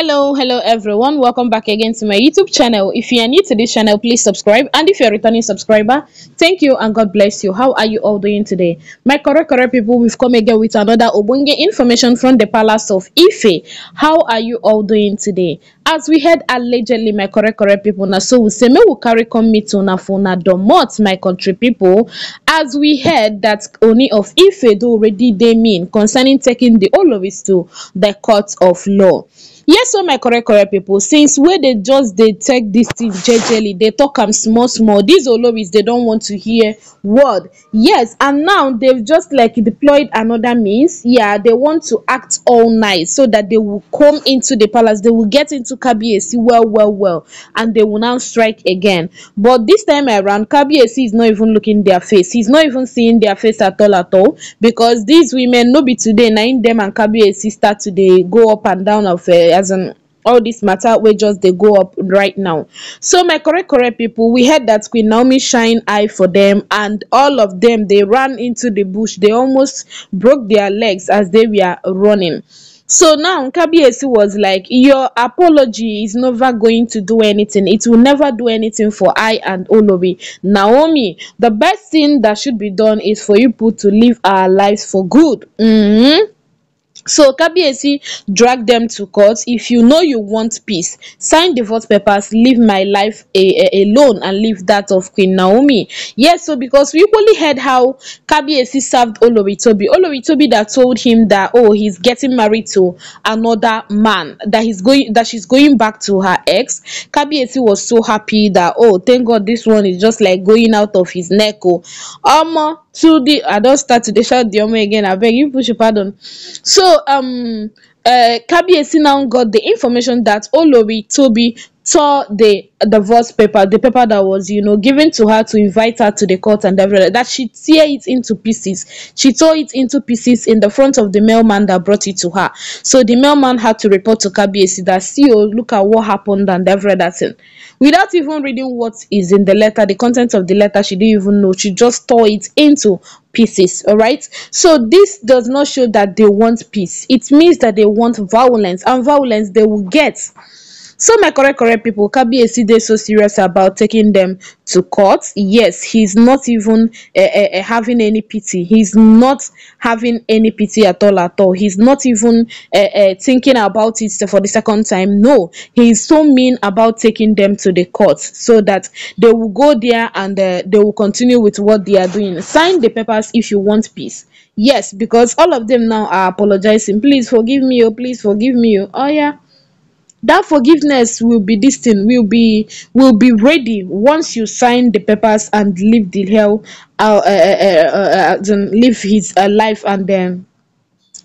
hello hello everyone welcome back again to my youtube channel if you are new to this channel please subscribe and if you're a returning subscriber thank you and god bless you how are you all doing today my correct correct people we've come again with another obunge information from the palace of ife how are you all doing today as we heard allegedly my correct correct people now so we say me will carry come meet una for domot my country people as we heard that oni of ife do already they mean concerning taking the all of it to the court of law yes o my correct correct people. since where they just they take this thing gently, they talk am small small dis they don't want to hear word yes and now they've just like deployed another means yeah they want to act all night so that they will come into the palace they will get into kbac well well well and they will now strike again but this time around kbac is not even looking their face he's not even seeing their face at all at all because these women no be today na them and kbac start to they go up and down of uh, as in all this matter we just they go up right now so my correct correct people, we heard that queen naomi shine eye for them, and all of them they ran into the bush They almost broke their legs as they were running so now nkabiesi was like your apology is never going to do anything it will never do anything for i and olobi naomi the best thing that should be done is for you people to live our lives for good mm -hmm so kabiyesi drag them to court if you know you want peace sign divorce papers leave my life alone and leave that of queen naomi yes so because we only heard how kabiyesi served oloritobi oloritobi that told him that oh he's getting married to another man that he's going that she's going back to her ex kabiyesi was so happy that oh thank god this one is just like going out of his neck oh omo um, so the i don't start to shout the omo again beg you push your pardon so um uh, Kabiyesi now got the information that Olori Toby saw the divorce paper, the paper that was, you know, given to her to invite her to the court and everything, that she tear it into pieces. She tore it into pieces in the front of the mailman that brought it to her. So the mailman had to report to KBAC that CEO, oh, look at what happened and everything. Without even reading what is in the letter, the content of the letter, she didn't even know. She just tore it into pieces all right so this does not show that they want peace it means that they want violence and violence they will get so my correct correct people, Kabiyesi dey so serious about taking them to court. Yes, he's not even uh, uh, having any pity. He's not having any pity at all at all. He's not even uh, thinking about it for the second time. No, he's so mean about taking them to the court so that they will go there and they will continue with what they are doing. Sign the papers if you want peace. Yes, because all of them now are apologizing. Please forgive me, oh, please forgive me, oh, oh yeah that forgiveness will be this thing will be will be ready once you sign the papers and leave the hell uh, uh, uh, uh, uh, live his uh, life and then um,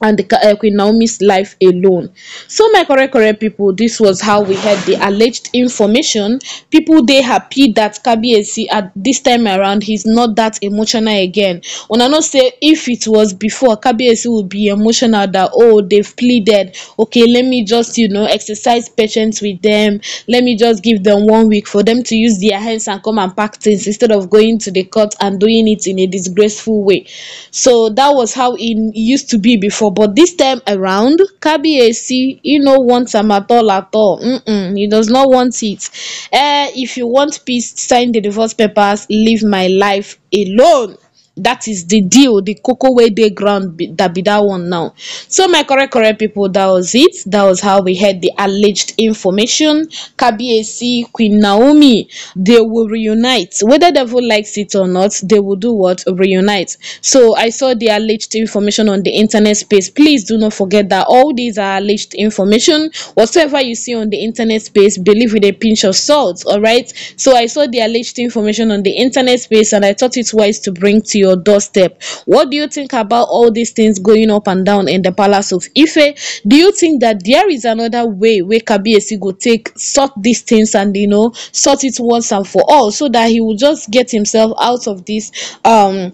and the uh, Queen Naomi's life alone. So my correct correct people, this was how we had the alleged information. People they happy that Kabiesi at this time around he's not that emotional again. When I not say if it was before Kabiesi would be emotional that oh they've pleaded okay let me just you know exercise patience with them let me just give them one week for them to use their hands and come and pack things instead of going to the court and doing it in a disgraceful way. So that was how it used to be before but this time around kabiyesi he no wants him at all at all mm-mm, he does not want it eh if you want peace sign the divorce papers leave my life alone that is the deal the cocoa way day ground be, that be that one now so my correct correct people that was it that was how we had the alleged information kabi queen naomi they will reunite whether devil likes it or not they will do what reunite so i saw the alleged information on the internet space please do not forget that all these are alleged information whatever you see on the internet space believe with a pinch of salt all right so i saw the alleged information on the internet space and i thought it wise to bring to your doorstep what do you think about all these things going up and down in the palace of ife do you think that there is another way where kabiesi could take sort these things and you know sort it once and for all so that he will just get himself out of this um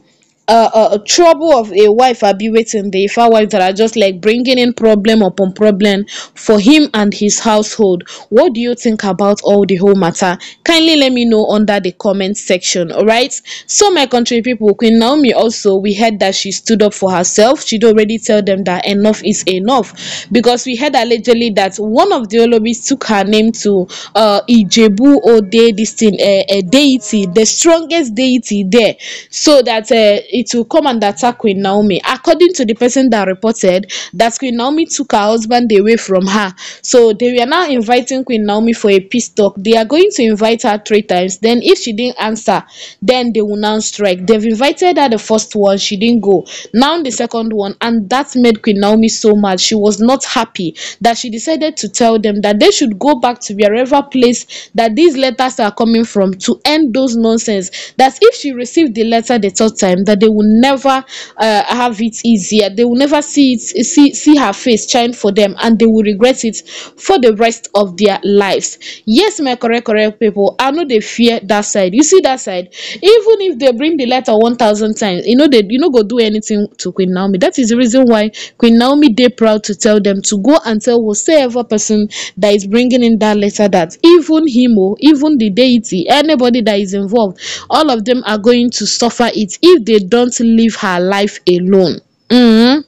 uh, uh, trouble of a wife are be waiting the ifa wife that are just like bringing in problem upon problem for him and his household what do you think about all the whole matter kindly let me know under the comment section all right so my country people queen naomi also we heard that she stood up for herself she'd already tell them that enough is enough because we heard allegedly that one of the olobis took her name to uh ijebu ode this thing a, uh, a uh, deity the strongest deity there so that uh, it will come and attack Queen Naomi. According to the person that reported that Queen Naomi took her husband away from her. So they were now inviting Queen Naomi for a peace talk. They are going to invite her three times. Then if she didn't answer, then they will now strike. They've invited her the first one, she didn't go. Now the second one, and that made Queen Naomi so mad. She was not happy that she decided to tell them that they should go back to wherever place that these letters are coming from to end those nonsense. That if she received the letter the third time, that they they will never uh, have it easier they will never see it see see her face shine for them and they will regret it for the rest of their lives yes my correct correct people i know they fear that side you see that side even if they bring the letter 1000 times you know they you know go do anything to queen naomi that is the reason why queen naomi they proud to tell them to go and tell whatsoever person that is bringing in that letter that even him or even the deity anybody that is involved all of them are going to suffer it if they don't don't leave her life alone mm -hmm.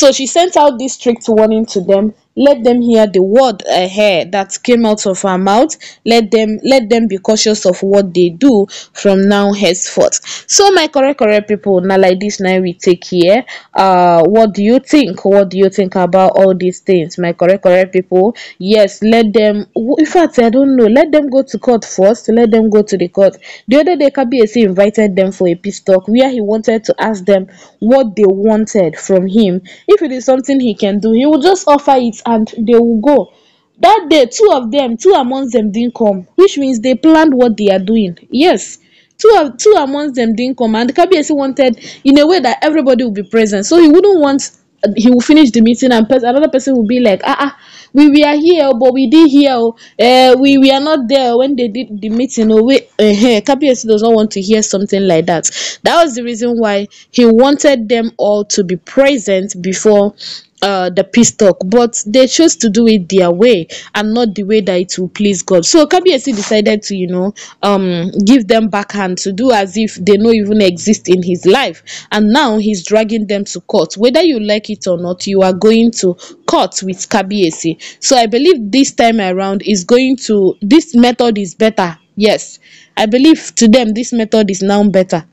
so she sent out this strict warning to them let them hear the word uh, that came out of her mouth let them let them be cautious of what they do from now henceforth so my correct correct people now like this now we take here uh what do you think what do you think about all these things my correct correct people yes let them in fact i don't know let them go to court first let them go to the court the other day kbsc invited them for a peace talk where he wanted to ask them what they wanted from him if it is something he can do he will just offer it and they will go. That day, two of them, two amongst them didn't come, which means they planned what they are doing. Yes, two of, two amongst them didn't come, and KBSC wanted in a way that everybody would be present, so he wouldn't want he will finish the meeting and pers- another person will be like ah ah we we are here oh, but we did here uh, we we are not there oh, when they did the meeting oh, we uh, eh, eh, KPSC does not want to hear something like that that was the reason why he wanted them all to be present before uh, the peace talk, but they chose to do it their way and not the way that it will please God. So KBSC decided to, you know, um, give them backhand to do as if they no even exist in his life, and now he's dragging them to court. Whether you like it or not, you are going to court with KBSC. So I believe this time around is going to this method is better. Yes, I believe to them this method is now better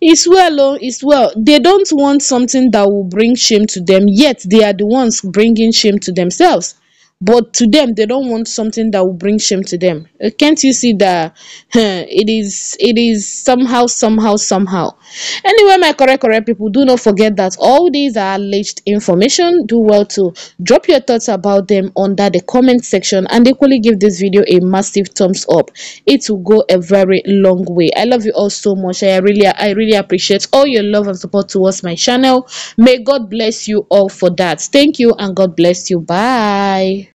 it's well oh it's well they don't want something that will bring shame to them yet they are the ones bringing shame to themselves but to them they don't want something that will bring shame to them uh, can't you see that huh, it is it is somehow somehow somehow Anyway, my correct correct people, do not forget that all these are alleged information. Do well to drop your thoughts about them under the comment section and equally give this video a massive thumbs up. It will go a very long way. I love you all so much. I really I really appreciate all your love and support towards my channel. May God bless you all for that. Thank you and God bless you. Bye.